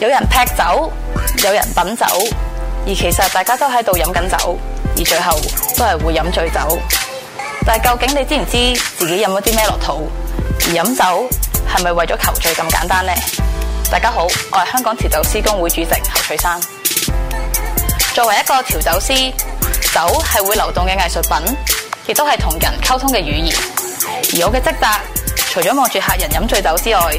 有人劈酒，有人品酒，而其實大家都喺度飲緊酒，而最後都係會飲醉酒。但究竟你知唔知自己飲咗啲咩落肚？而飲酒係咪為咗求醉咁簡單呢？大家好，我係香港調酒師工會主席侯翠珊。作為一個調酒師，酒係會流動嘅藝術品，亦都係同人溝通嘅語言。而我嘅職責，除咗望住客人飲醉酒之外，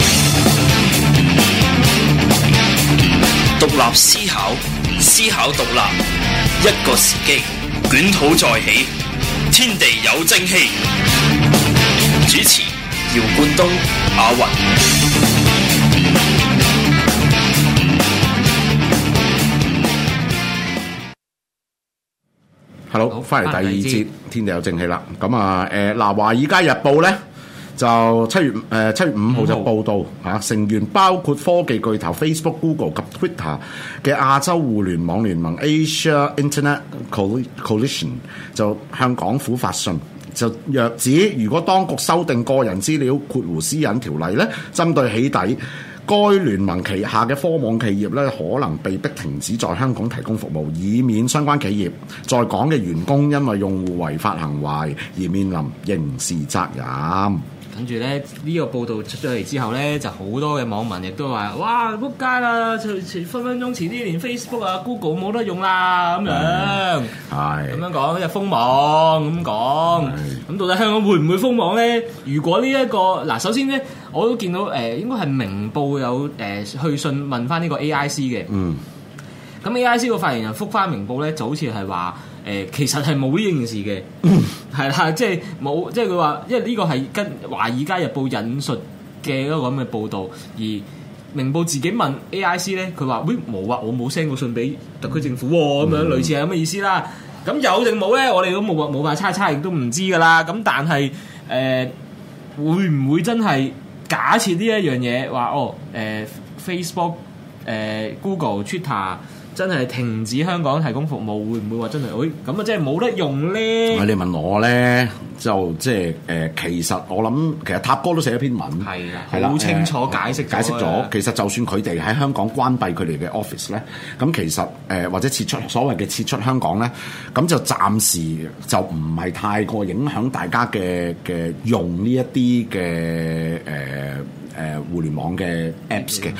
獨立思考，思考獨立。一個時機，捲土再起，天地有正氣。主持：姚冠東、阿雲。Hello，翻嚟第二節《天地有正氣》啦。咁、呃、啊，誒嗱，《華爾街日報》呢咧。就七月誒七月、呃、五號就報道好好、啊、成員包括科技巨頭 Facebook、Google 及 Twitter 嘅亞洲互聯網聯盟 Asia Internet Coalition 就向港府發信，就若指如果當局修訂個人資料括弧私隱條例咧，針對起底該聯盟旗下嘅科網企業咧，可能被逼停止在香港提供服務，以免相關企業在港嘅員工因為用戶違法行為而面臨刑事責任。跟住咧，呢、這個報道出咗嚟之後咧，就好多嘅網民亦都話：哇，撲街啦！就分分鐘遲啲連 Facebook 啊、Google 冇得用啦、啊，咁樣。係、嗯。咁樣講有封網咁講，咁到底香港會唔會封網咧？如果呢、這、一個，嗱，首先咧，我都見到誒、呃，應該係明報有誒、呃、去信問翻呢個 A I C 嘅。嗯。咁 A I C 個發言人覆翻明報咧，就好似係話。誒其實係冇呢件事嘅，係啦，即係冇，即係佢話，因為呢個係跟《華爾街日報》引述嘅一個咁嘅報導，而明報自己問 AIC 咧，佢話：喂，冇啊，我冇 send 過信俾特區政府喎、哦，咁、嗯、樣類似係咁嘅意思啦。咁有定冇咧，我哋都冇話冇法猜猜，亦都唔知噶啦。咁但係誒，會唔會真係假設呢一樣嘢話？哦，誒、呃、Facebook、呃、誒 Google、Twitter。真係停止香港提供服務，會唔會話真係？誒咁啊，即係冇得用咧。你問我咧，就即係、呃、其實我諗，其實塔哥都寫一篇文，係啊，好清楚解釋、呃、解釋咗。其實就算佢哋喺香港關閉佢哋嘅 office 咧，咁 其實、呃、或者撤出所謂嘅撤出香港咧，咁就暫時就唔係太過影響大家嘅嘅用呢一啲嘅、呃、呃、互聯網嘅 apps 嘅。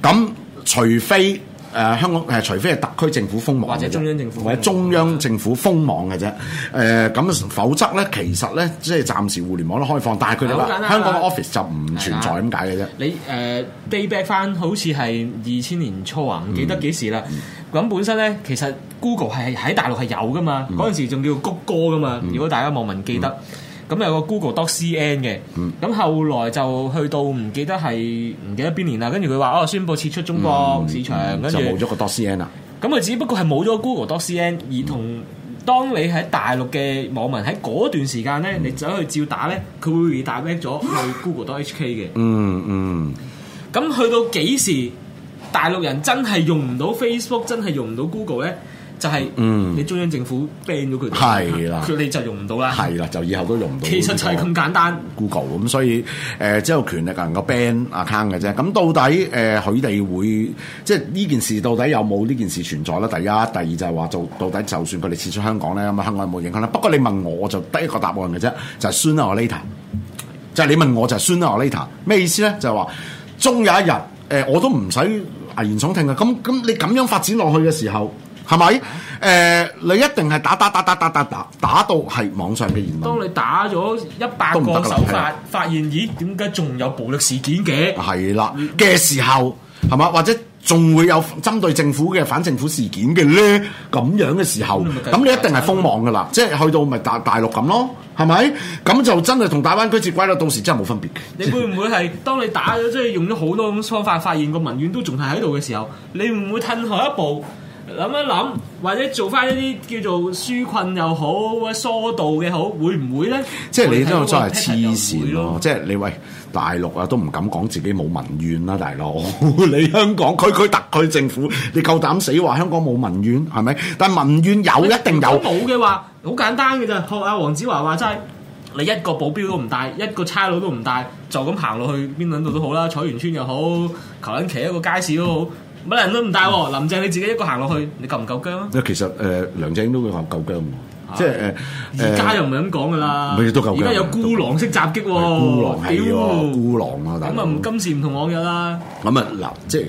咁除非。誒、呃、香港誒、呃，除非係特區政府封網，或者中央政府，或者中央政府封網嘅啫。誒 咁、呃，否則咧，其實咧，即係暫時互聯網都開放，但係佢哋話香港嘅 office 的就唔存在咁解嘅啫。你、呃、day back 翻好似係二千年初啊，唔、嗯、記得幾時啦。咁、嗯嗯、本身咧，其實 Google 係喺大陸係有噶嘛，嗰、嗯、陣時仲叫谷歌噶嘛、嗯。如果大家網民記得。嗯嗯咁有個 Google.cn 嘅，咁後來就去到唔記得係唔記得邊年啦，跟住佢話哦，宣布撤出中國市場，嗯、跟住冇咗個 .cn 啦。咁佢只不過係冇咗 Google.cn，而同、嗯、當你喺大陸嘅網民喺嗰段時間咧，你走去照打咧，佢會 redirect 咗去 Google.hk 嘅。嗯嗯。咁去到幾時大陸人真係用唔到 Facebook，真係用唔到 Google 咧？就係、是，你中央政府 ban 咗佢哋，佢、嗯、哋、啊、就用唔到啦。係啦、啊，就以後都用唔到。其實就係咁簡單，Google 咁，所以誒，只、呃、有、就是、權力能夠 ban 阿坑嘅啫。咁到底誒，佢、呃、哋會即係呢件事，到底有冇呢件事存在咧？第一，第二就係話就到底，就算佢哋撤出香港咧，咁香港有冇影響咧？不過你問我，就得一個答案嘅啫，就係、是、soon or later。就係你問我，就係、是、soon or later。咩意思咧？就係、是、話，仲有一日，誒、呃，我都唔使危言聳聽啊！咁咁，你咁樣發展落去嘅時候。係咪？誒、呃，你一定係打打打打打打打打到係網上嘅言論。當你打咗一百個手法，發現咦，點解仲有暴力事件嘅？係啦嘅時候，係嘛？或者仲會有針對政府嘅反政府事件嘅咧？咁樣嘅時候，咁你，你一定係封網噶啦，即係、就是、去到咪大大陸咁咯？係咪？咁就真係同大灣區接軌啦，到時真係冇分別嘅。你會唔會係 當你打咗，即、就、係、是、用咗好多種方法，發現個民怨都仲係喺度嘅時候，你唔會褪後一步？諗一諗，或者做翻一啲叫做紓困又好，或者疏導嘅好，會唔會咧？即係你呢個真係黐線咯！即係你喂大陸啊，都唔敢講自己冇民怨啦、啊，大佬 你香港區區特區政府，你夠膽死話香港冇民怨係咪？但係民怨有，有，民怨有一定有。冇嘅話，好簡單嘅咋。學阿黃子華話齋，你一個保鏢都唔帶，一個差佬都唔帶，就咁行落去邊兩度都好啦，彩園村又好，求其企一個街市都好。 乜人都唔帶喎，林鄭你自己一個行落去，你夠唔夠姜？啊，其實誒、呃，梁振英都會話夠姜喎，即係誒，而、呃、家又唔係咁講噶啦。都夠。而家有孤狼式襲擊喎、哦，孤狼係、哦、孤狼啊！咁啊、哦，唔今時唔同往日啦。咁啊，嗱，即係誒，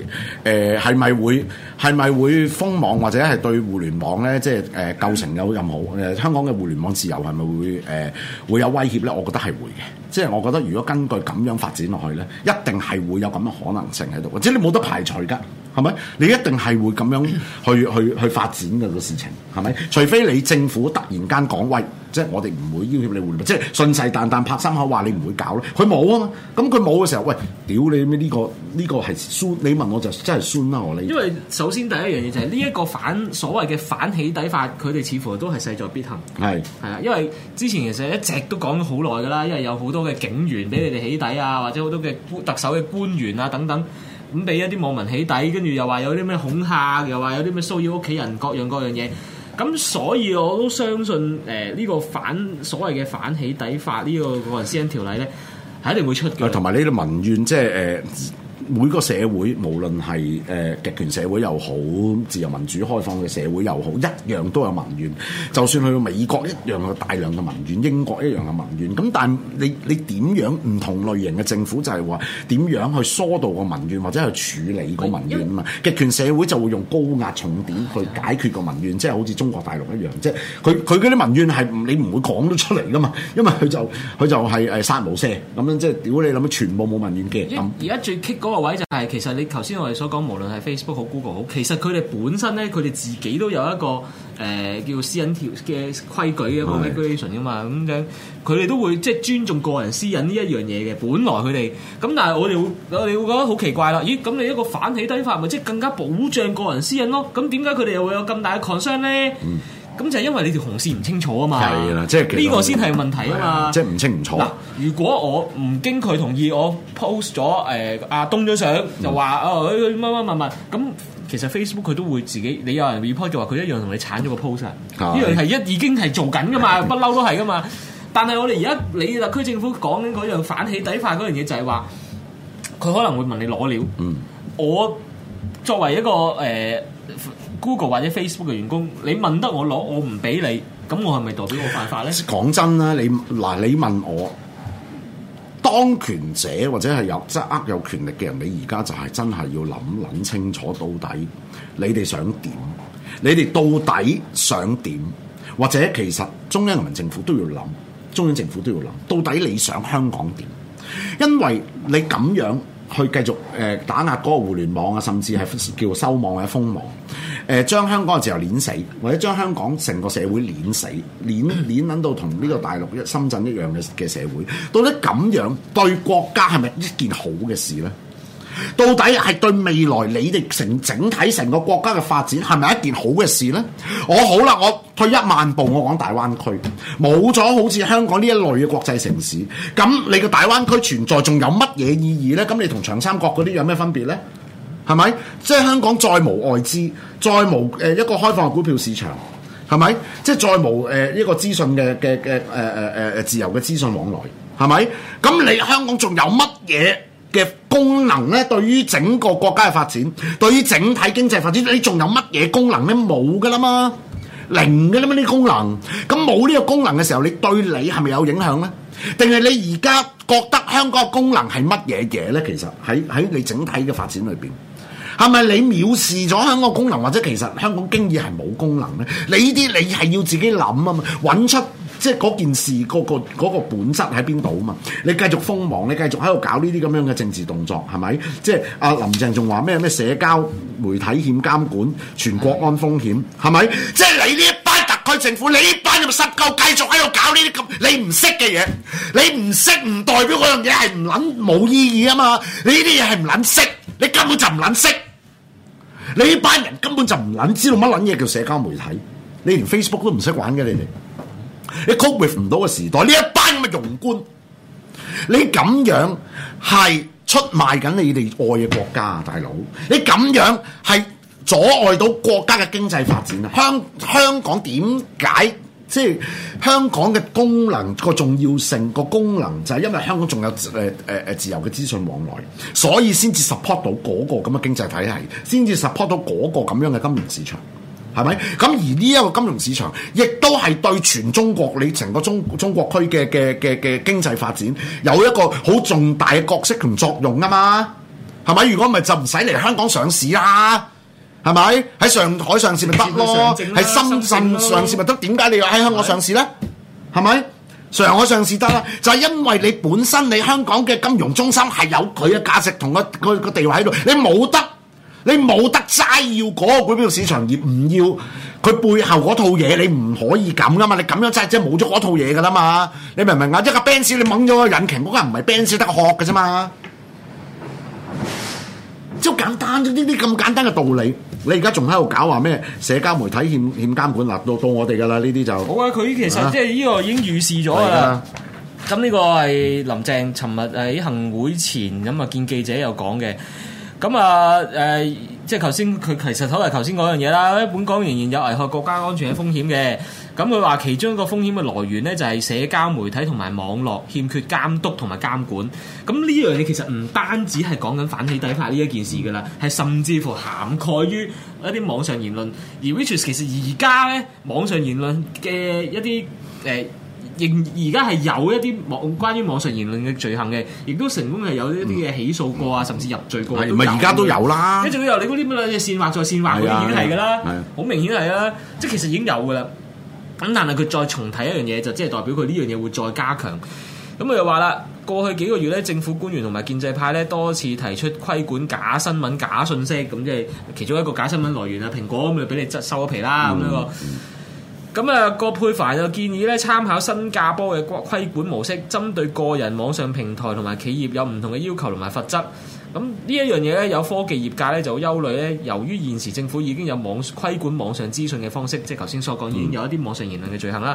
係、呃、咪會係咪會封網或者係對互聯網咧？即係誒構成有任何誒香港嘅互聯網自由係咪會誒、呃、會有威脅咧？我覺得係會嘅，即、就、係、是、我覺得如果根據咁樣發展落去咧，一定係會有咁嘅可能性喺度，或、就、者、是、你冇得排除噶。係咪？你一定係會咁樣去去去發展嘅個事情，係咪？除非你政府突然間講喂，即係我哋唔會要挾你換，即係信誓旦旦拍心口話你唔會搞咯。佢冇啊嘛，咁佢冇嘅時候，喂，屌你咩、呢個、呢個呢、呢個係酸？你問我就真係酸啦、啊！我哋因為首先第一樣嘢就係呢一個反所謂嘅反起底法，佢 哋似乎都係勢在必行。係係因為之前其實一直都講咗好耐㗎啦，因為有好多嘅警員俾你哋起底啊，或者好多嘅特首嘅官員啊等等。咁俾一啲網民起底，跟住又話有啲咩恐嚇，又話有啲咩騷擾屋企人，各樣各樣嘢。咁所以我都相信誒呢、呃呢個反所謂嘅反起底法呢、呢個個人私隱條例咧，係一定會出嘅。同埋呢個民怨即係誒。就是呃每個社會無論係誒、呃、極權社會又好，自由民主開放嘅社會又好，一樣都有民怨。就算去到美國一樣有大量嘅民怨，英國一樣有民怨。咁但係你你點樣唔同類型嘅政府就係話點樣去疏導個民怨，或者去處理個民怨啊嘛？極權社會就會用高壓重點去解決個民怨，即係好似中國大陸一樣，即係佢佢嗰啲民怨係你唔會講得出嚟㗎嘛，因為佢就佢就係誒殺無赦咁樣，即係屌你諗，全部冇民怨嘅。而家最棘個位就係、是、其實你頭先我哋所講，無論係 Facebook 好 Google 好，其實佢哋本身咧，佢哋自己都有一個誒、呃、叫做私隱條約嘅規矩嘅，嗰啲 duration 噶嘛，咁樣佢哋都會即係、就是、尊重個人私隱呢一樣嘢嘅。本來佢哋咁，但係我哋會我哋會覺得好奇怪啦。咦？咁你一個反起底法，咪即係更加保障個人私隱咯？咁點解佢哋又會有咁大嘅 concern 咧？嗯咁就係因為你條紅線唔清楚啊嘛，呢、呢個先係問題啊嘛，即係唔清唔楚。嗱，如果我唔經佢同意，我 post 咗誒、呃、啊，東咗相就話啊，乜乜乜乜，咁、嗯嗯嗯嗯、其實 Facebook 佢都會自己，你有人 report 嘅話，佢一樣同你鏟咗個 post。呢樣係一已經係做緊噶嘛，不嬲都係噶嘛。但係我哋而家你特區政府講緊嗰樣反起底派嗰樣嘢，就係話佢可能會問你攞料。嗯，我作為一個誒。呃 Google 或者 Facebook 嘅員工，你問得我攞，我唔俾你，咁我係咪代表我犯法咧？講真啦，你嗱，你問我，當權者或者係有即係握有權力嘅人，你而家就係真係要諗諗清楚到底你哋想點，你哋到底想點，或者其實中央人民政府都要諗，中央政府都要諗，到底你想香港點？因為你咁樣。去繼續誒打壓嗰個互聯網啊，甚至係叫做收網或者封網，誒將香港嘅自由碾死，或者將香港成個社會碾死，碾碾捻到同呢個大陸一深圳一樣嘅嘅社會，到底咁樣對國家係咪一件好嘅事咧？到底係對未來你哋成整、整體成個國家嘅發展係咪一件好嘅事呢？我好啦，我退一萬步，我講大灣區冇咗好似香港呢一類嘅國際城市，咁你嘅大灣區存在仲有乜嘢意義呢？咁你同長三角嗰啲有咩分別呢？係咪？即係香港再無外資，再無誒一個開放嘅股票市場，係咪？即係再無誒一個資訊嘅嘅嘅誒誒誒自由嘅資訊往來，係咪？咁你香港仲有乜嘢？嘅功能呢，對於整個國家嘅發展，對於整體經濟發展，你仲有乜嘢功能呢？冇㗎喇嘛，零㗎喇嘛呢啲功能，咁冇呢個功能嘅時候，你對你係咪有影響呢？定係你而家覺得香港嘅功能係乜嘢嘢呢？其實喺喺你整體嘅發展裏邊，係咪你藐視咗香港嘅功能，或者其實香港經已係冇功能呢？你呢啲你係要自己諗啊嘛，揾出。即係嗰件事，嗰個、嗰個本質喺邊度啊？嘛，你繼續封網，你繼續喺度搞呢啲咁樣嘅政治動作，係咪？即係阿林鄭仲話咩咩社交媒體欠監管、全國安風險，係咪？即係你呢一班特區政府，你呢班咁濕鳩，繼續喺度搞呢啲咁你唔識嘅嘢，你唔識唔代表嗰樣嘢係唔撚冇意義啊嘛！你呢啲嘢係唔撚識，你根本就唔撚識。你呢班人根本就唔撚知道乜撚嘢叫社交媒體，你連 Facebook 都唔識玩嘅，你哋。你 cope with 唔到嘅時代，呢一班咁嘅庸官，你咁樣係出賣緊你哋愛嘅國家，大佬，你咁樣係阻礙到國家嘅經濟發展啊！香香港點解，即係香港嘅功能個重要性個功能就係因為香港仲有誒誒誒自由嘅資訊往來，所以先至 support 到嗰個咁嘅經濟體系，先至 support 到嗰個咁樣嘅金融市場。係咪？咁而呢一個金融市場，亦都係對全中國你成個中中國區嘅嘅嘅嘅經濟發展有一個好重大嘅角色同作用啊嘛？係咪？如果唔係就唔使嚟香港上市啦，係咪？喺上海上市咪得咯？喺深圳上，上市咪得？點解你要喺香港上市呢？係咪？上海上市得啦、啊，就係、是、因為你本身你香港嘅金融中心係有佢嘅價值同個個地位喺度，你冇得。你冇得齋要嗰個股票市場，而唔要佢背後嗰套嘢，你唔可以咁噶嘛？你咁樣齋即係冇咗嗰套嘢噶啦嘛？你明唔明啊？一個 band 子你掹咗個引擎，嗰個唔係 band 子得個殼嘅啫嘛？超簡單，呢啲咁簡單嘅道理，你而家仲喺度搞話咩？社交媒體欠欠監管嗱，到到我哋噶啦，呢啲就好啊！佢其實即係呢個已經預示咗啊。咁呢個係林鄭尋日喺行會前咁啊，見記者有講嘅。咁啊，即係頭先佢其實睇嚟頭先嗰樣嘢啦，本港仍然有危害國家安全嘅風險嘅。咁佢話其中一個風險嘅來源呢，就係社交媒體同埋網絡欠缺監督同埋監管。咁呢樣嘢其實唔單止係講緊反起底法呢一件事㗎啦，係甚至乎涵蓋於一啲網上言論。而 which is 其實而家呢，網上言論嘅一啲誒而家係有一啲網關於網上言論嘅罪行嘅，亦都成功係有一啲嘢起訴過啊、嗯，甚至入罪過。係而家都有啦？一直都有你嗰啲咩？嘢線畫再線畫，佢、啊、已經係噶啦，好、啊啊、明顯係啊！即係其實已經有噶啦。咁但係佢再重提一樣嘢，就即、是、係代表佢呢樣嘢會再加強。咁佢又話啦，過去幾個月咧，政府官員同埋建制派咧多次提出規管假新聞、假信息，咁即係其中一個假新聞來源啊，蘋果咁就俾你執收咗皮啦咁樣個。嗯嗯咁啊，郭佩凡就建議咧，參考新加坡嘅規管模式，針對個人網上平台同埋企業有唔同嘅要求同埋罰則。咁呢一樣嘢咧，有科技業界咧就好憂慮咧，由於現時政府已經有網規管網上資訊嘅方式，即係頭先所講已經有一啲網上言論嘅罪行啦。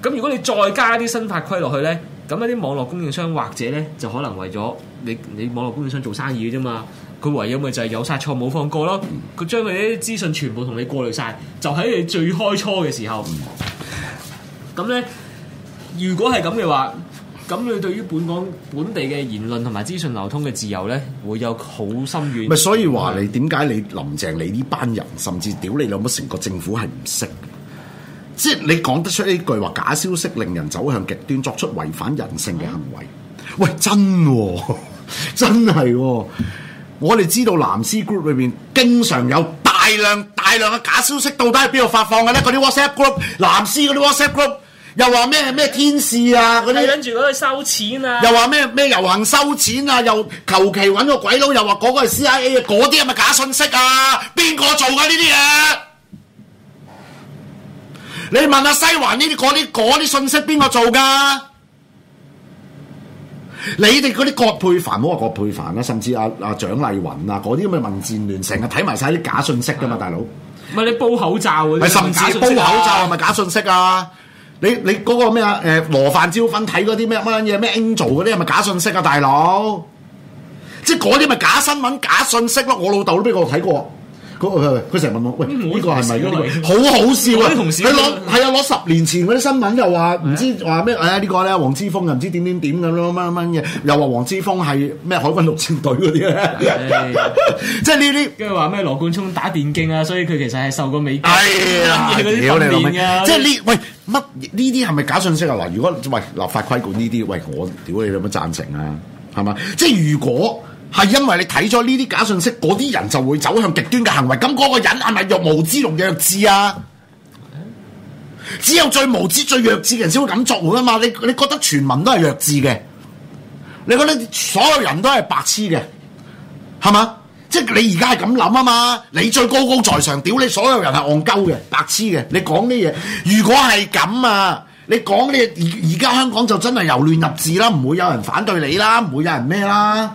咁、嗯、如果你再加啲新法規落去咧，咁一啲網絡供應商或者咧就可能為咗你你網絡供應商做生意嘅啫嘛。佢唯有咪就係有殺錯冇放過咯，佢將佢啲資訊全部同你過濾晒，就喺你最開初嘅時候，咁咧如果係咁嘅話，咁你對於本港本地嘅言論同埋資訊流通嘅自由咧，會有好深遠。唔係，所以話你點解、嗯、你林鄭你呢班人，甚至屌你老母成個政府係唔識，即係你講得出呢句話假消息令人走向極端，作出違反人性嘅行為、嗯。喂，真的、哦、真係、哦。我哋知道藍絲 group 裏面經常有大量大量嘅假消息，到底喺邊度發放嘅呢？嗰啲 WhatsApp group、藍絲嗰啲 WhatsApp group 又話咩咩天使啊，嗰啲跟住嗰度收錢啊，又話咩咩遊行收錢啊，又求其揾個鬼佬，又話嗰個係 CIA 啊，嗰啲係咪假信息啊？邊個做嘅呢啲嘢？你問下西環呢啲嗰啲嗰啲信息邊個做㗎？你哋嗰啲葛珮帆，唔好話葛珮帆甚至阿阿蔣麗雲啊，嗰啲咁嘅民建聯，成日睇埋晒啲假信息噶嘛，大佬。唔、啊、係你煲口罩、啊，唔係甚至煲、啊、口罩係咪假信息啊？你你嗰個咩啊？誒、呃，羅范椒芬睇嗰啲咩乜嘢咩 Angel 嗰啲係咪假信息啊？大佬，即係嗰啲咪假新聞、假信息咯、啊？我老豆都俾我睇過。佢成日問我：喂，呢、嗯這個係咪好好笑啊？佢攞係啊，攞十年前嗰啲新聞又話唔知話咩？唉，哎這個、呢個咧，黃之鋒又唔知點點點咁樣囉，乜乜嘅又話黃之鋒係咩海軍陸戰隊嗰啲即係呢啲，跟住話咩？羅、 就是、冠聰打電競啊，所以佢其實係受過美軍嘢、哎、啊！即係呢喂乜呢啲係咪假信息啊？嗱，如果喂立法規管呢啲，喂我屌你有冇贊成啊？係嘛？即係如果。係因為你睇咗呢啲假信息，嗰啲人就會走向極端嘅行為。咁嗰個人係咪又無知又弱智啊？只有最無知、最弱智嘅人先會咁作㗎嘛？你你覺得全民都係弱智嘅？你覺得所有人都係白痴嘅？係嘛？即係你而家係咁諗啊嘛？你最高高在上，屌你所有人係戇鳩嘅、白痴嘅。你講咩嘢，如果係咁啊，你講啲而而家香港就真係由亂入治啦，唔會有人反對你啦，唔會有人咩啦？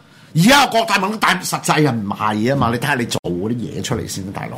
而家國泰民大實際唔係啊嘛，你睇下你做嗰啲嘢出嚟先，大佬。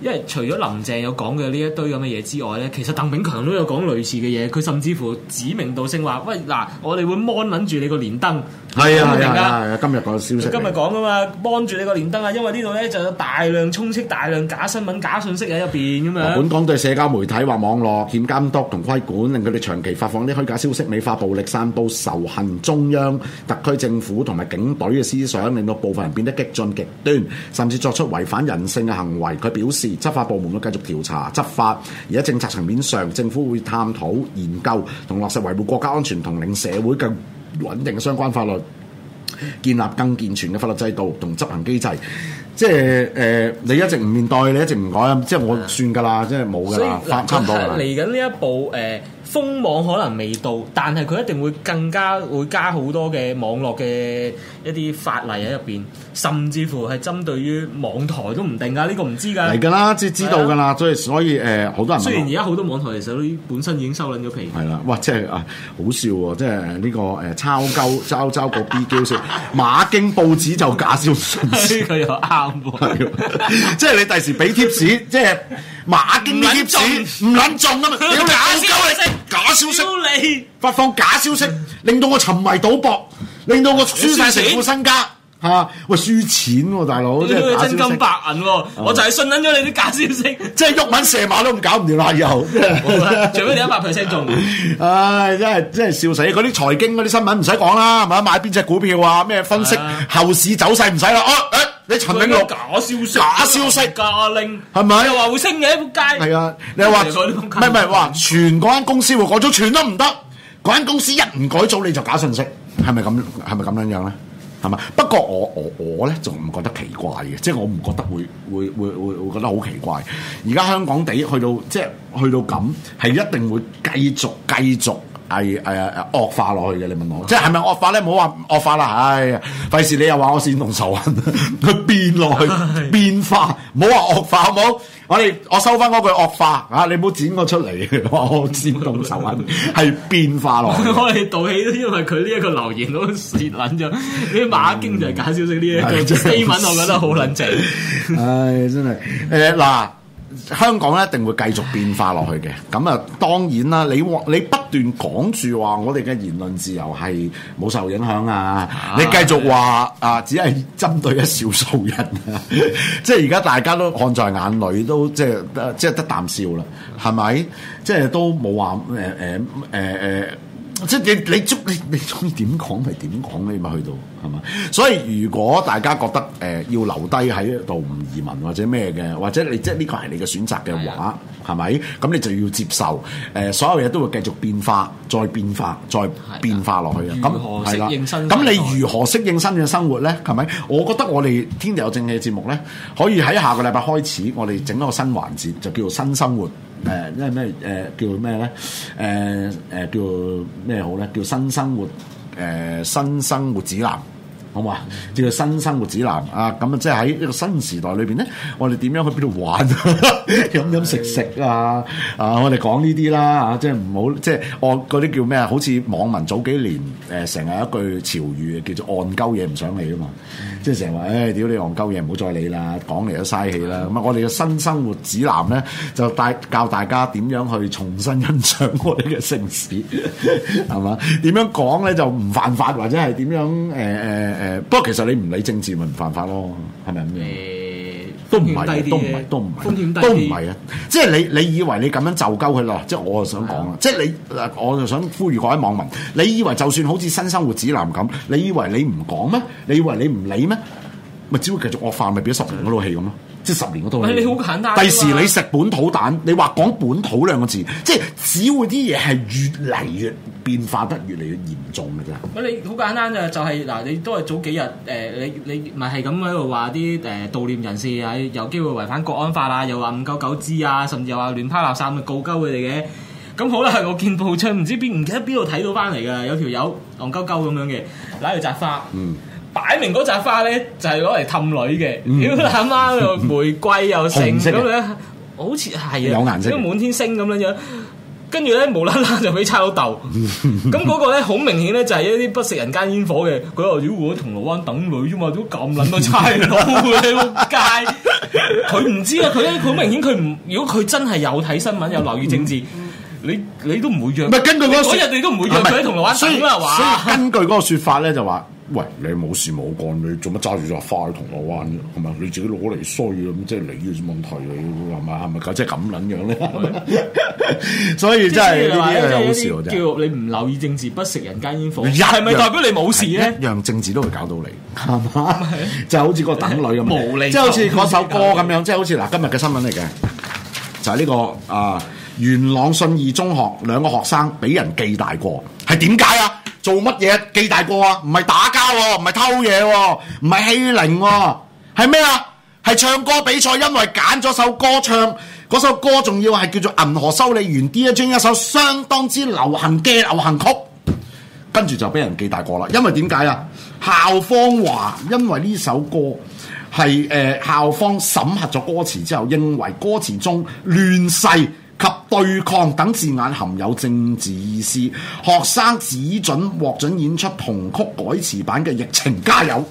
因為除咗林鄭有講嘅呢一堆咁嘅嘢之外咧，其實鄧炳強都有講類似嘅嘢，佢甚至乎指名道姓話，喂，嗱，我哋會掹撚住你個連登，啊啊啊、明唔明啊，啊？今日講嘅消息，今日講噶嘛，幫住你個連登啊！因為呢度咧就有大量充斥大量假新聞、假信息喺入邊咁樣、哦。本港對社交媒體或網絡欠監督同規管，令佢哋長期發放啲虛假消息、美化暴力、散佈仇恨、中央、特區政府同埋警隊。思想令到部分人變得激進極端，甚至作出違反人性嘅行為。佢表示，執法部門會繼續調查執法，而喺政策層面上，政府會探討研究同落實維護國家安全同令社會更穩定嘅相關法律，建立更健全嘅法律制度同執行機制。即係誒，你一直唔面對，你一直唔改，即係我算噶啦，即係冇噶啦，差差唔多啦。嚟緊呢一步誒。封網可能未到，但係佢一定會更加會加好多嘅網絡嘅一啲法例喺入邊，甚至乎係針對於網台都唔定噶，呢、這個唔知噶嚟噶啦，知知道噶啦、啊，所以所以誒，好、呃、多人。雖然而家好多網台其實都本身已經收撚咗皮。係啦，哇，即係啊，好笑喎、喔！即係呢、這個誒、呃、抄鳩抄抄個 B 機先。 馬經報紙就假消息。呢 個又啱喎、啊， 即係你第時俾貼士， 即係馬經嘅貼士唔撚中啊嘛，啲假消息，你！發放假消息，令到我沉迷賭博，令到我輸晒成副身家，吓喂輸錢，啊輸錢啊，大佬真金白銀，我就係信捻咗你啲假消息，即係喐文射馬都搞唔掂喇，以後，除非你一百 percent 中，啊？唉，啊，真係真係笑死！嗰啲財經嗰啲新聞唔使講啦，係嘛買邊隻股票啊？咩分析，啊，後市走勢唔使啦，哦，啊哎你陳炳樂假消息，假消息，假令係咪又話會升嘅？仆街係啊！你又話唔係唔係話傳嗰間公司會改組，全都唔得。嗰間公司一唔改組，你就假信息，係咪咁？係咪咁樣樣咧？係嘛？不過我我我咧，就唔覺得奇怪嘅？即係我唔覺得會會會會覺得好奇怪。而家香港地去到即係去到咁，係一定會繼續繼續。繼續係係啊，惡化落去嘅。你問我，即係咪惡化咧？唔好話惡化啦，唉、哎，費事你又話我煽動， 動仇恨，佢變落去，變化，唔好話惡化，好唔好？我哋我收翻嗰句惡化啊！你唔好剪我出嚟，我煽動仇恨係變化落去。我哋道氣都因為佢呢一個留言好蝕撚咗。你馬經就係假消息呢一個英文我覺得好撚靜 。唉、哎，真係誒嗱。哎香港咧，一定會繼續變化落去嘅。咁啊，當然啦，你你不斷講住話，我哋嘅言論自由係冇受影響啊，你繼續話啊，只係針對一少數人，啊，即係而家大家都看在眼裏，都即係即係得啖笑啦，係咪？即係都冇話誒誒誒誒。呃呃呃即係你你中意點講咪點講，你咪去到，係嘛？所以如果大家覺得誒、呃、要留低喺度唔移民或者咩嘅，或者你即係呢個係你嘅選擇嘅話。係咪？咁你就要接受，誒、呃，所有嘢都會繼續變化，再變化，再變化落去啊！咁係啦，咁你如何適應新嘅生活咧？係咪？我覺得我哋天地有正氣嘅節目咧，可以喺下個禮拜開始，我哋整一個新環節，就叫做新生活，誒，因為咩？誒，叫咩咧？誒，誒，叫咩好咧？叫新生活，誒、呃，新生活指南。好嘛，叫、就、做、是、新生活指南啊！咁啊，即係喺呢個新時代裏邊咧，我哋點樣去邊度玩，飲 飲食食啊！啊，我哋講呢啲啦啊，即係唔好即係我嗰啲叫咩啊？好似網民早幾年誒成日一句潮語叫做戇鳩嘢唔想理啊嘛，即係成日話誒，屌、哎、你戇鳩嘢唔好再理啦，講嚟都嘥氣啦。咁啊，我哋嘅新生活指南咧，就帶教大家點樣去重新欣賞我哋嘅城市，係嘛？點樣講咧就唔犯法，或者係點樣？呃呃誒、呃、不過其實你唔理政治咪唔犯法咯，係咪啊？誒都唔係，都唔係，都唔係，都唔係啊！即係、就是、你，你以為你咁樣就鳩佢咯？即、就、係、是、我啊想講啊！即、就、係、是、你，我就想呼籲各位網民，你以為就算好似新生活指南咁，你以為你唔講咩？你以為你唔理咩？咪只會繼續惡化，咪變咗十年嗰套戲咁咯？十年我都，第時你食、啊、本土蛋，你話講本土兩個字，即、就、係、是、只會啲嘢係越嚟越變化得越嚟越嚴重嘅啫。你好簡單嘅，就係、是、嗱，你都係早幾日誒、呃，你你咪係咁喺度話啲誒悼念人士係有機會違反國安法啦，又話唔夠九知啊，甚至又話亂拋垃圾去告鳩佢哋嘅。咁好啦，我見報章唔知邊唔記得邊度睇到翻嚟噶，有條友戇鳩鳩咁樣嘅，嗱條摘花。擺明嗰扎花咧就係攞嚟氹女嘅，屌阿媽又玫瑰又剩咁樣，好似係啊，有顏色，滿天星咁樣樣，跟住咧無啦啦就俾差佬鬥，咁嗰個咧好明顯咧就係一啲不食人間煙火嘅，佢話我喺銅鑼灣等女啫嘛，麼麼 都咁撚多差佬嘅街，佢唔 知啊，佢好明顯佢唔，如果佢真係有睇新聞有留意政治，嗯、你你都唔會約，唔係根據嗰日你都唔會約佢喺銅鑼灣，所以係根據嗰個說法咧就話。喂，你冇事冇幹，你做乜揸住束花去銅鑼灣嘅？係咪你自己攞嚟衰咁即係你嘅問題嚟，係咪係咪？即係咁撚樣咧。係咪 所以真係呢啲係好事得，叫你唔留意政治， 不食人間煙火，係咪代表你冇事咧？一樣政治都會搞到你，係咪？ 就係好似個等女咁，即 係好似嗰 首歌咁樣，即 係好似嗱今日嘅新聞嚟嘅，就係、係、呢、呢個啊、呃、元朗信義中學兩個學生俾人記大過，係點解啊？做乜嘢記大過啊？唔係打交喎，啊，唔係偷嘢喎，啊，唔係欺凌喎，係咩啊？係唱歌比賽，因為揀咗首歌唱，嗰首歌仲要係叫做《銀河修理員》Dear Jane 一首相當之流行嘅流行曲，跟住就俾人記大過啦。因為點解啊？校方話，因為呢首歌係誒、呃、校方審核咗歌詞之後，認為歌詞中亂世。及對抗等字眼含有政治意思，學生只准獲准演出同曲改詞版嘅《疫情加油》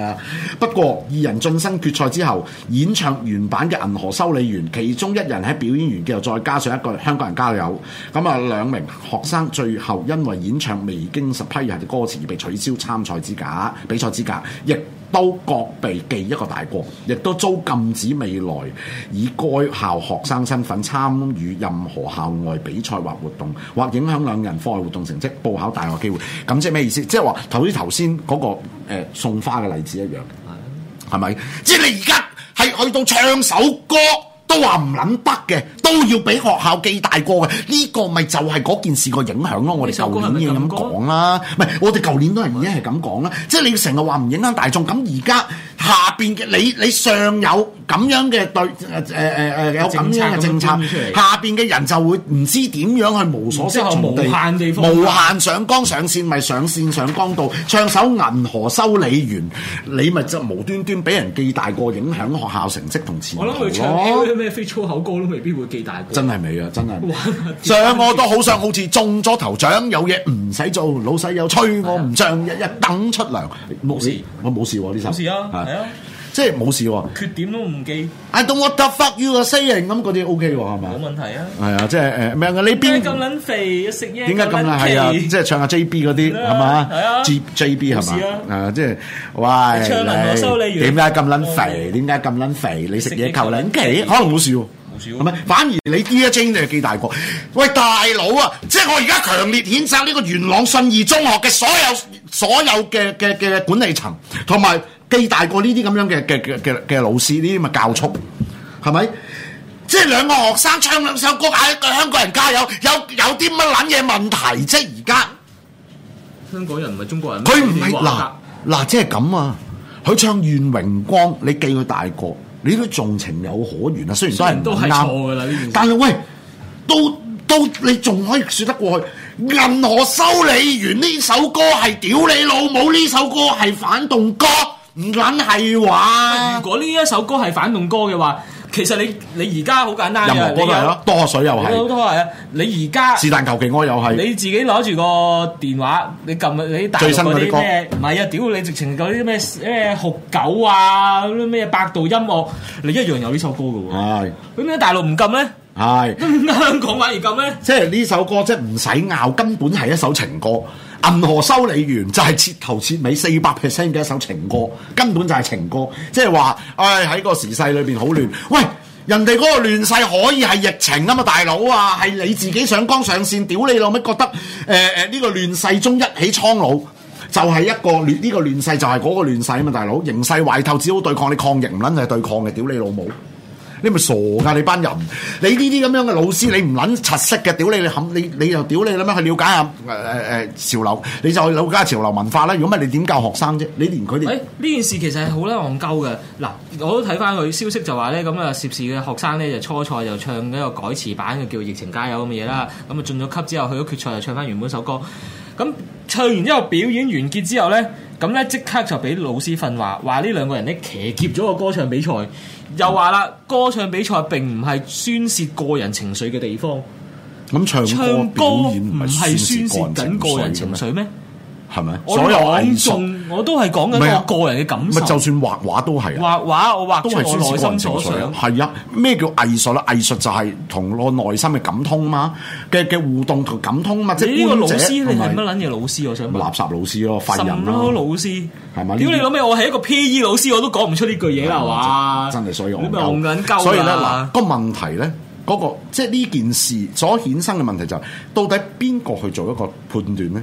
啊。不過二人晉身決賽之後，演唱原版嘅《銀河修理員》，其中一人喺表演完之後再加上一個香港人加油。咁啊，兩名學生最後因為演唱未經實批人嘅歌詞而被取消參賽資格，比賽資格，亦都各被記一個大過亦都遭禁止未來以該校學生身份參與任何校外比賽或活動，或影響兩人課外活動成績、報考大學機會。咁即係咩意思？即係話頭先頭先嗰個、呃、送花嘅例子一樣，係咪？即係你而家係去到唱首歌。都話唔諗得嘅，都要俾學校記大過嘅，呢個咪就係嗰件事個影響咯。我哋舊年已經咁講啦，唔係，我哋舊年都係已經係咁講啦。即係你成日話唔影響大眾，咁而家下邊嘅你你尚有。咁樣嘅對誒誒誒有咁嘅政策，呃、政策下邊嘅人就會唔知點樣去無所適從無限地方，無限上綱上線，咪上線上綱到唱首《銀河修理員》你咪就無端端俾人記大過，影響學校成績同前途。我諗佢唱啲咩非粗口歌都未必會記大過真係未啊！真係上我都好想好似中咗頭獎，有嘢唔使做，老細又催我，唔上、啊、日日等出糧。冇事，我冇事喎呢首。冇事啊，係啊。即係冇事喎、啊，缺點都唔記。I don't what the fuck you are saying 咁嗰啲 OK 喎，係嘛？冇問題啊。係、哎就是呃、啊，即係誒咩啊？你邊點解咁撚肥？一食嘢點解咁啊？係啊，即係唱下 JB 嗰啲係嘛？係啊，JB 係嘛？啊，即、就、係、是、喂！唱點解咁撚肥？點解咁撚肥？你食嘢夠撚奇，可能冇事喎、啊。冇事喎。唔反而你呢一張就幾大個。喂，大佬啊，即、就、係、是、我而家強烈譴責呢個元朗信義中學嘅所有所有嘅嘅嘅管理層同埋。記大過呢啲咁樣嘅嘅嘅嘅嘅老師，呢啲咪教畜，係咪？即係兩個學生唱兩首歌嗌，一個香港人加油，有有啲乜撚嘢問題啫？而家香港人唔係中國人，佢唔係嗱嗱，即係咁啊！佢唱《願榮光》，你記佢大過，你都仲情有可原啊！雖然都係錯噶啦，但係喂，都都你仲可以說得過去？《銀河修理員》呢首歌係屌你老母，呢首歌係反動歌。唔撚係話，如果呢一首歌係反動歌嘅話，其實你你而家好簡單嘅，任何歌都係咯，多水又係，多係啊！你而家是但求其歌又係，你自己攞住個電話，你撳你大陸最新嗰啲咩？唔係啊！屌你直！直情嗰啲咩咩酷狗啊，啲咩百度音樂，你一樣有呢首歌㗎喎。咁點解大陸唔禁咧？係香港反而咁咩？即係呢首歌即係唔使拗，根本係一首情歌。銀河修理員就係徹頭徹尾四百 percent 嘅一首情歌，根本就係情歌。即係話，唉、哎，喺個時勢裏邊好亂，喂，人哋嗰個亂世可以係疫情啊嘛，大佬啊，係你自己上綱上線屌你老咩？覺得誒誒呢個亂世中一起蒼老，就係、是、一個亂呢、這個亂世，就係嗰個亂世啊嘛，大佬，形勢壞透，只好對抗你抗疫，唔撚就係對抗嘅，屌你老母！你咪傻噶！你班人，你呢啲咁樣嘅老師，你唔撚柒識嘅，屌你！你冚你你就屌你！咁樣去了解下呃、潮流，你就去了解潮流文化啦！如果唔係你點教學生啫？你連佢哋誒呢件事其實係好啦戇鳩嘅嗱，我都睇翻佢消息就話咧咁啊涉事嘅學生咧就初賽就唱一個改詞版嘅叫《疫情加油》咁嘅嘢啦，咁、嗯、啊進咗級之後去咗決賽就唱翻原本首歌，咁唱完之後表演完結之後咧。咁咧即刻就俾老師訓話，話呢兩個人咧騎劫咗個歌唱比賽，又話啦歌唱比賽並唔係宣泄個人情緒嘅地方。咁唱歌表演唔係宣泄緊個人情緒咩？係咪？所有藝術我都係講緊個個人嘅感受。啊、就算畫畫都係、啊。畫畫我畫出我內心所想。係啊，咩、啊、叫藝術咧？藝術就係同我內心嘅感通嘛，嘅嘅互動同感通嘛。即呢個老師，你係乜捻嘢老師？我想問垃圾老師咯、啊，廢人咯、啊，老師係咪？你諗起我係一個 P.E. 老師，我都講唔出呢句嘢啦、啊，係嘛？真係、啊，所以我戇緊鳩。所以咧嗱，那個問題咧，嗰、嗰個即係呢件事所衍生嘅問題就係、是，到底邊個去做一個判斷咧？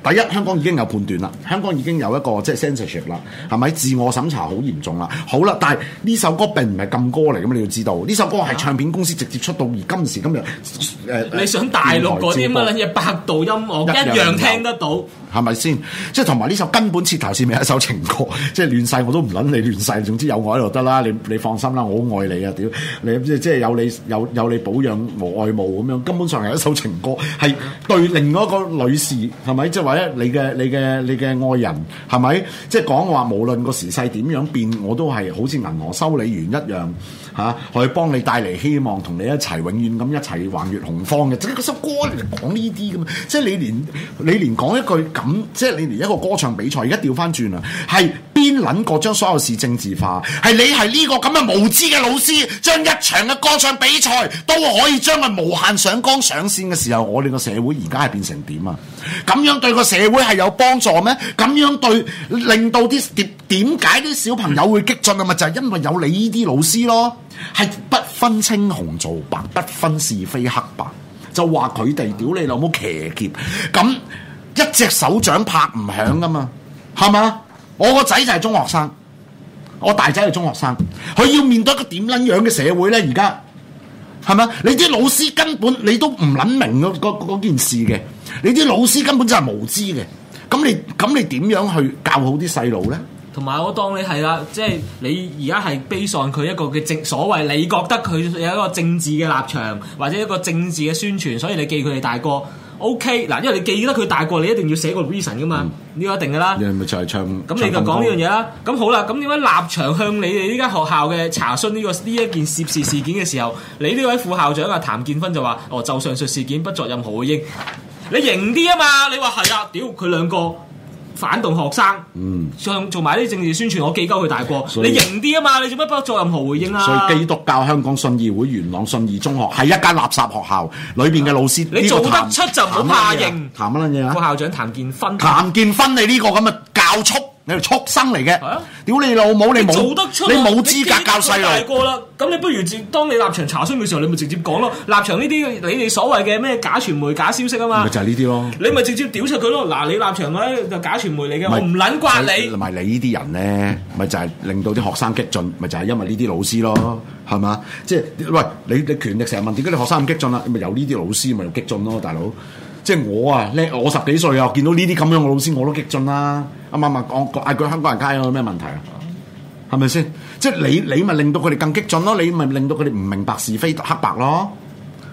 第一，香港已經有判斷啦，香港已經有一個即係 censorship 啦，係咪自我審查好嚴重啦？好啦，但係呢首歌並唔係禁歌嚟，咁你要知道，呢首歌係唱片公司直接出道，而今時今日。誒、呃，你想大陸嗰啲乜撚嘢？百度音樂一,一樣聽得到，係咪先？即係同埋呢首根本徹頭徹尾一首情歌，即係亂世我都唔捻你亂世，總之有我喺度就得啦。你你放心啦，我好愛你啊！屌你即係有你有有你保養無愛慕咁樣根本上係一首情歌，係對另外一個女士係咪？即係話。你嘅你嘅你嘅愛人係咪？即係講話，無論個時勢點樣變，我都係好似銀河修理員一樣吓、啊，去幫你帶嚟希望，同你一齊永遠咁一齊橫越洪荒嘅。整首歌嚟講呢啲嘅即係 你連你連講一句咁，即係你連一個歌唱比賽而家調翻轉啦，係。邊諗過將所有事政治化？係你係呢個咁嘅無知嘅老師，將一場嘅歌唱比賽都可以將佢無限上綱上線嘅時候，我哋個社會而家係變成點啊？咁樣對個社會係有幫助咩？咁樣對令到啲點解啲小朋友會激進啊？咪就係、是、因為有你呢啲老師咯，係不分青紅皂白，不分是非黑白，就話佢哋屌你老母騎劫，咁一隻手掌拍唔響噶嘛，係、嗯、嘛？我個仔就係中學生，我大仔係中學生，佢要面對一個點撚樣嘅社會呢？而家係咪？你啲老師根本你都唔撚明嗰件事嘅，你啲老師根本就係無知嘅。咁你咁你點樣去教好啲細路呢？同埋我當你係啦，即係你而家係悲喪佢一個嘅正所謂，你覺得佢有一個政治嘅立場，或者一個政治嘅宣傳，所以你記佢哋大哥。O K 嗱，因為你記得佢大過，你一定要寫個 reason 噶嘛，呢、嗯、個一定噶啦。你係咪就係唱？咁你就講呢樣嘢啦。咁好啦，咁點解立場向你哋呢間學校嘅查詢呢、呢個呢一件涉事事件嘅時候，你呢位副校長啊譚建芬就話：哦，就上述事件不作任何回應。你型啲啊嘛，你話係啊？屌佢兩個！反動學生，嗯，上做做埋啲政治宣傳，我寄鳩佢大過，你型啲啊嘛，你做乜不做任何回應啊？所以基督教香港信義會元朗信義中學係一間垃圾學校，裏邊嘅老師、啊這個，你做得出就唔好怕認。譚乜嘢啊？副、啊、校長譚健芬譚健芬，你呢個咁嘅教畜？畜生嚟嘅、啊，屌你老母！你做得出你？你冇資格教細路。大個啦，咁你不如當你立場查詢嘅時候，你咪直接講咯。立場呢啲，你哋所謂嘅咩假傳媒、假消息啊嘛，咪就係呢啲咯。你咪直接屌出佢咯。嗱、啊，你立場咧就假傳媒嚟嘅，我唔撚怪你。咪你這些呢啲人咧，咪就係令到啲學生激進，咪就係、是、因為呢啲老師咯，係嘛？即、就、係、是、喂，你你權力成日問，點解你學生咁激進啦？咪有呢啲老師咪激進咯，大佬。即、就、係、是、我啊叻，我十幾歲啊，我見到呢啲咁樣嘅老師，我都激進啦。啱啱咪講過，嗌佢香港人街有咩問題啊？係咪先？即係你你咪令到佢哋更激進咯，你咪令到佢哋唔明白是非黑白咯，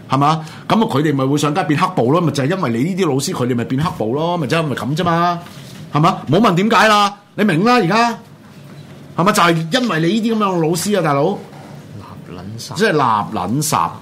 係嘛？咁啊，佢哋咪會上街變黑暴咯，咪就係、是、因為你呢啲老師，佢哋咪變黑暴咯，咪就係咪咁啫嘛？係嘛？冇問點解啦，你明啦。而家係咪就係、是、因為你呢啲咁樣嘅老師啊，大佬？立卵即係立卵殺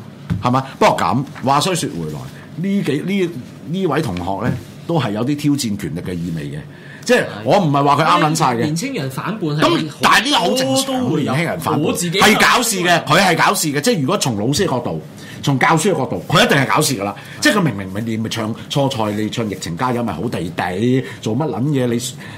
係嘛？不過咁，話雖說回來，呢幾呢呢位同學咧都係有啲挑戰權力嘅意味嘅。即係我唔係話佢啱撚晒嘅，年輕人反叛係咁，但係呢個好正常，好年輕人反叛係搞事嘅，佢係搞事嘅。即係如果從老師嘅角度，從教書嘅角度，佢一定係搞事㗎啦。即係佢明明唔係你咪唱初賽，你唱疫情加油咪好地地，做乜撚嘢？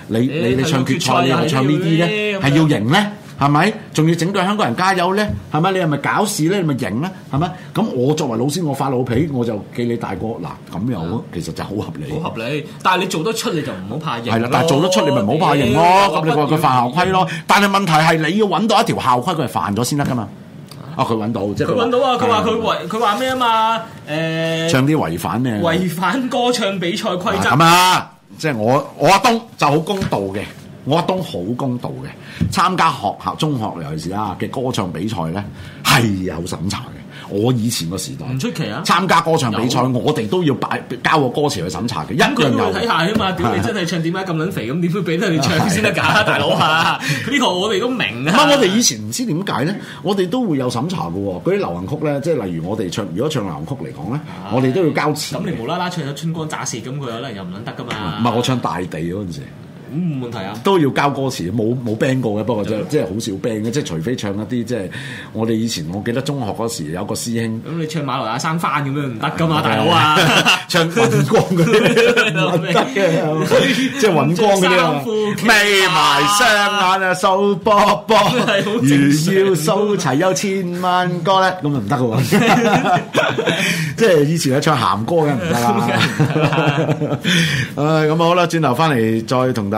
你你你你，你唱決賽，你又唱呢啲咧？係要贏咧？係咪？仲要整對香港人加油咧？係咪？你係咪搞事咧？你咪認啦？係咪？咁我作為老師，我發老脾，我就記你大過。嗱咁樣咯。其實就好合理。好合理，但係你做得出來不要，你就唔好怕認啦。係啦，但係做得出來就不要怕，你咪唔好怕認咯。咁、啊、你話佢犯校規咯？但係問題係你要揾到一條校規佢係犯咗先得噶嘛？啊，佢揾到即係。佢、就、揾、是、到啊！佢話佢違，佢話咩啊嘛？誒、嗯、唱啲違反咩？違反歌唱比賽規則。咁啊，即係、啊就是、我我阿東就好公道嘅。我阿東好公道嘅，參加學校、中學尤其是啦嘅歌唱比賽咧，係有審查嘅。我以前個時代，唔出奇啊！參加歌唱比賽，我哋都要擺交個歌詞去審查嘅，一樣都睇下嘅嘛。點你真係唱點解咁撚肥咁？點會俾得你唱先得㗎？大佬啊！呢 個我哋都明啊！我哋以前唔知點解咧，我哋都會有審查嘅喎。嗰啲流行曲咧，即係例如我哋唱，如果唱流行曲嚟講咧，我哋都要交錢。咁你無啦啦唱咗春光乍泄咁，佢可能又唔撚得㗎嘛？唔係我唱大地嗰陣時。唔問題啊！都要交歌詞，冇冇 band 過嘅，不過即即係好少 band 嘅，即係除非唱一啲即係我哋以前，我記得中學嗰時有個師兄。咁你唱馬來亞山花咁樣唔得噶嘛，嗯、okay, 大佬啊，啊！唱滾光嗰啲唔得嘅，即係滾光嘅啫嘛。咪埋 雙眼啊，掃波波，如要掃齊有千萬個咧，咁就唔得嘅喎。即係 以前咸啊，唱鹹歌嘅唔得啦。誒，咁好啦，轉頭翻嚟再同大。